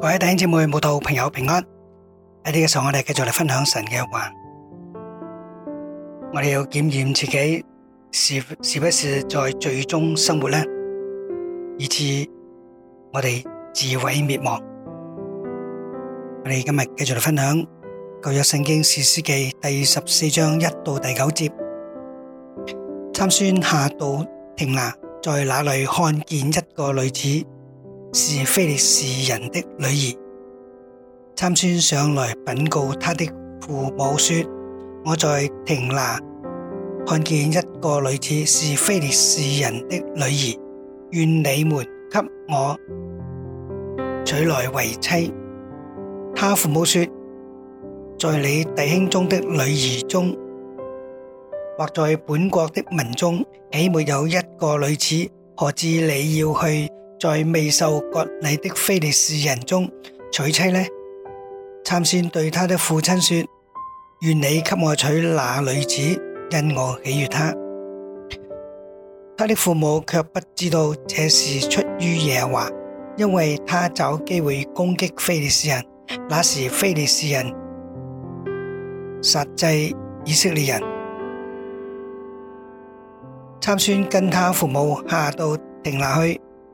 各位弟兄姊妹、慕道朋友平安！喺呢個時候，我哋繼續嚟分享神嘅話。我哋要檢驗自己是是不是在最終生活呢？以致我哋自毀滅亡。我哋今日繼續嚟分享舊約聖經士師記第十四章一到第九節。參孫下到亭拿，在那裏看見一個女子。是非利士人的女兒，參孫上來稟告她的父母說：我在亭拿看見一個女子是非利士人的女兒，願你們給我娶來為妻。她父母說：在你弟兄中的女兒中，或在本國的民中，豈沒有一個女子？何至你要去？在未受割禮的非利士人中娶妻呢？參孫對他的父親說：願你給我娶那女子，因我喜悅她。他的父母卻不知道這是出於耶和華，因為他找機會攻擊非利士人，那時非利士人，轄制以色列人。參孫跟他父母下到亭拿去。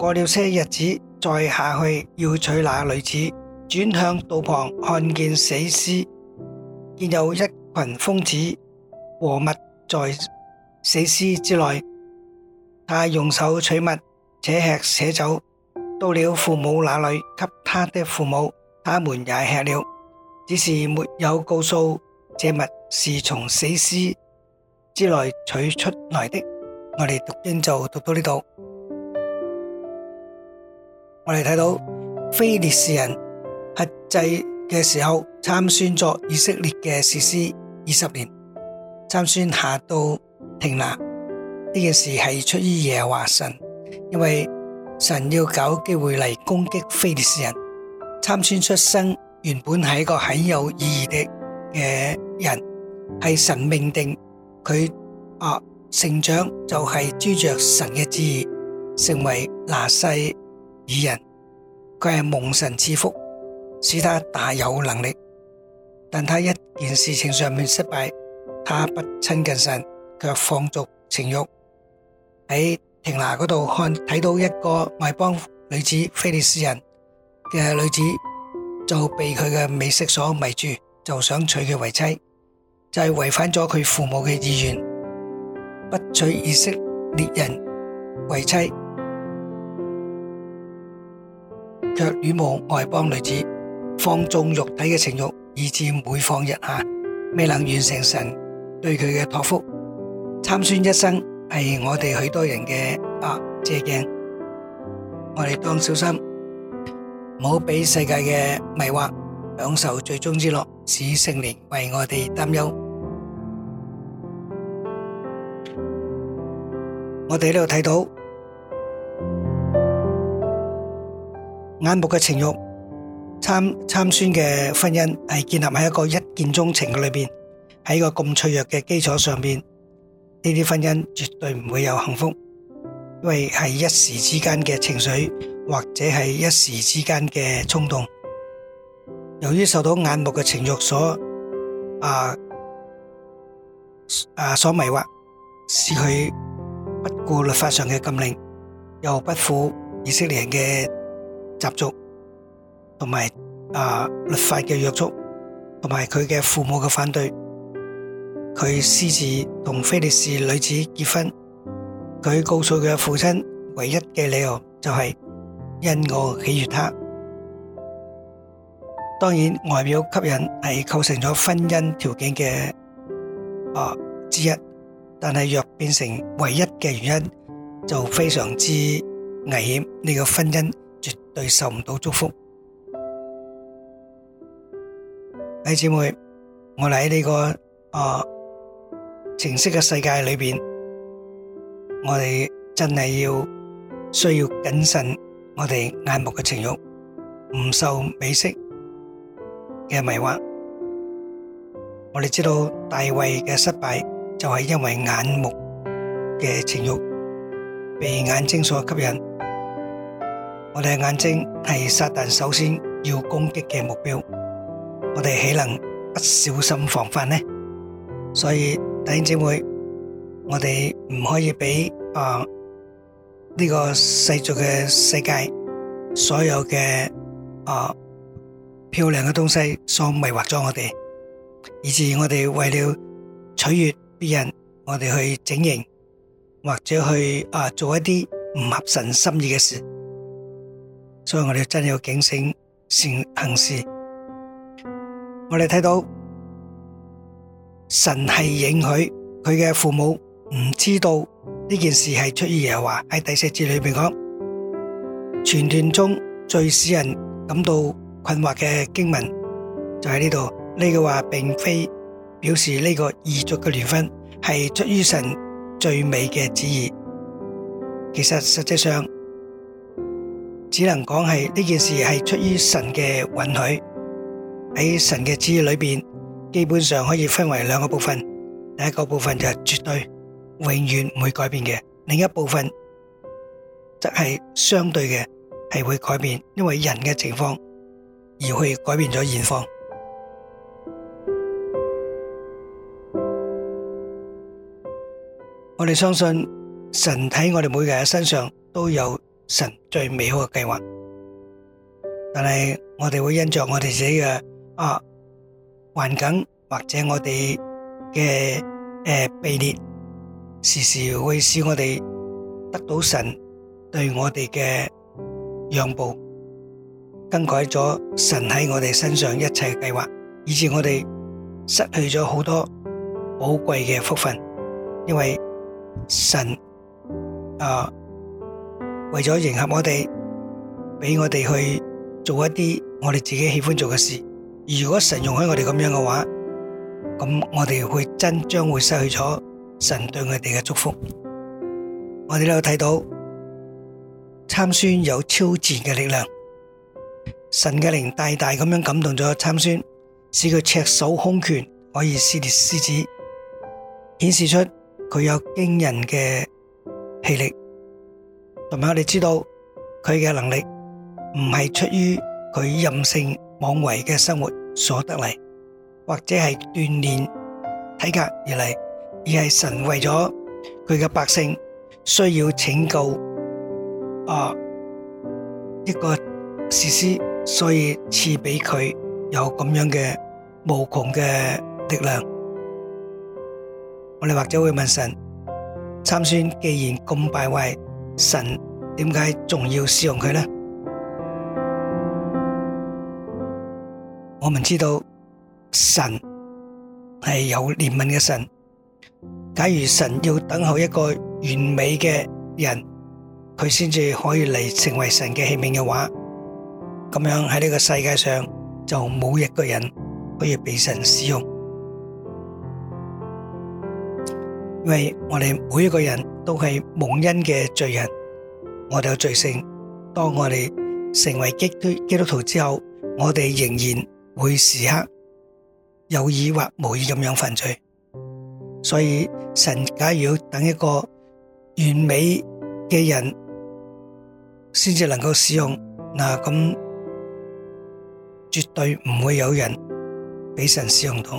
過了些日子，再下去要娶那女子，轉向道旁看見死屍，見有一群蜂子和物在死屍之內，他用手取物，且吃且走。到了父母那裏，給他的父母，他們也吃了，只是沒有告訴這物是從死屍之內取出來的。我哋讀經就讀到呢度。我哋睇到非利士人轄制嘅時候，參孫咗以色列嘅士師二十年，參孫下到亭拿。呢件事係出於耶和華神，因為神要搞機會嚟，攻擊非利士人。參孫出生原本係一個很有意義的嘅人，係神命定佢啊，成長就係諸着神嘅旨意，成為拿細。異人，佢係蒙神賜福，使他大有能力。但他一件事情上面失敗，他不親近神，卻放縱情欲。喺亭拿嗰度看睇到一個外邦女子，非利士人嘅女子，就被佢嘅美色所迷住，就想娶佢為妻，就係、是、違反咗佢父母嘅意願，不娶以色列人為妻。卻指望外邦女子放縱肉體嘅情欲，以致每況愈下，未能完成神對佢嘅託付。參孫一生係我哋許多人嘅啊借鏡，我哋當小心，唔好俾世界嘅迷惑，享受罪中之樂，使聖靈為我哋擔憂。我哋呢度睇到。眼目嘅情欲，參，參孫嘅婚姻係建立喺一個一見鍾情嘅裏邊，喺一個咁脆弱嘅基礎上邊，呢啲婚姻絕對唔會有幸福，因為係一時之間嘅情緒，或者係一時之間嘅衝動。由於受到眼目嘅情欲所啊啊所迷惑，使佢不顧律法上嘅禁令，又不負以色列人嘅。習俗同埋啊，律法嘅約束，同埋佢嘅父母嘅反對，佢私自同非利士女子結婚。佢告訴佢嘅父親，唯一嘅理由就係因我喜悦他。當然，外表吸引係構成咗婚姻條件嘅啊之一，但係若變成唯一嘅原因，就非常之危險，呢個婚姻。對受唔到祝福，弟兄姊妹，我哋喺呢個啊情色嘅世界裏邊，我哋真係要需要謹慎我哋眼目嘅情欲，唔受美色嘅迷惑。我哋知道大衛嘅失敗就係因為眼目嘅情欲，被眼睛所吸引。我哋嘅眼睛係撒旦首先要攻擊嘅目標，我哋豈能不小心防範呢？所以弟兄姊妹，我哋唔可以俾啊呢個世俗嘅世界所有嘅啊漂亮嘅東西所迷惑咗我哋，以致我哋為了取悦別人，我哋去整形或者去啊做一啲唔合神心意嘅事。所以我哋真係要警醒善行事。我哋睇到神係允許佢嘅父母唔知道呢件事係出於耶和華喺第四節裏邊講，全段中最使人感到困惑嘅經文就喺呢度。呢句話並非表示呢個異族嘅聯婚係出於神最美嘅旨意，其實實際上。只能講係呢件事係出於神嘅允許。喺神嘅旨意裏邊，基本上可以分為兩個部分。第一個部分就係絕對永遠唔會改變嘅，另一部分則係相對嘅，係會改變，因為人嘅情況而去改變咗現況。我哋相信神喺我哋每個人身上都有，神最美好嘅計劃，但係我哋會因着我哋自己嘅啊環境或者我哋嘅誒卑劣，時時會使我哋得到神對我哋嘅讓步，更改咗神喺我哋身上一切嘅計劃，以致我哋失去咗好多寶貴嘅福分，因為神啊。為咗迎合我哋，俾我哋去做一啲我哋自己喜歡做嘅事。如果神容許我哋咁樣嘅話，咁我哋會真將會失去咗神對我哋嘅祝福。我哋都有睇到參孫有超自然嘅力量，神嘅靈大大咁樣感動咗參孫，使佢赤手空拳可以撕裂獅子，顯示出佢有驚人嘅氣力。同埋我哋知道佢嘅能力唔係出於佢任性妄為嘅生活所得嚟，或者係鍛鍊體格而嚟，而係神為咗佢嘅百姓需要拯救啊一個士師，所以賜俾佢有咁樣嘅無窮嘅力量。我哋或者會問神，參孫既然咁敗壞，神點解仲要使用佢呢？我們知道神係有憐憫嘅神。假如神要等候一個完美嘅人，佢先至可以嚟成為神嘅器皿嘅話，咁樣喺呢個世界上就冇一個人可以畀神使用。因為我哋每一個人都係蒙恩嘅罪人，我哋有罪性。當我哋成為基督基督徒之後，我哋仍然會時刻有意或無意咁樣犯罪。所以神假如要等一個完美嘅人先至能夠使用，那咁絕對唔會有人俾神使用到。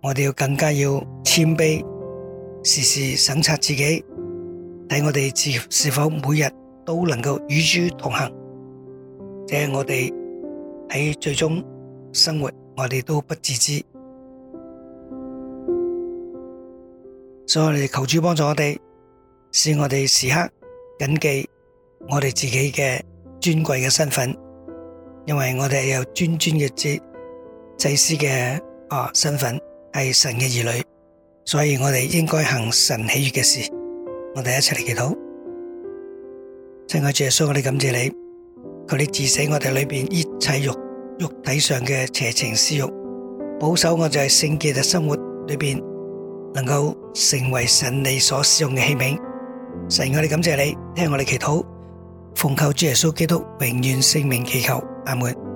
我哋要更加要謙卑，時時省察自己，睇我哋是否每日都能夠與主同行。即係我哋喺最終生活，我哋都不自知。所以我哋求主幫助我哋，使我哋時刻謹記我哋自己嘅尊貴嘅身份，因為我哋有尊尊嘅祭祭司嘅啊身份。係神嘅兒女，所以我哋應該行神喜悅嘅事。我哋一齊嚟祈禱，親愛主耶穌，我哋感謝你，求你治死我哋裏邊一切肉肉體上嘅邪情私欲，保守我哋喺聖潔嘅生活裏邊，能夠成為神你所使用嘅器皿。神，我哋感謝你，聽我哋祈禱，奉求主耶穌基督永遠聖名祈求，阿門。